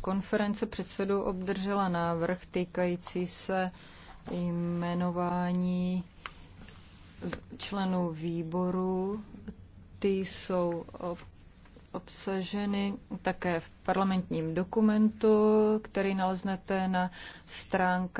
Konference předsedů obdržela návrh týkající se jmenování členů výboru. Ty jsou obsaženy také v parlamentním dokumentu, který naleznete na stránkách.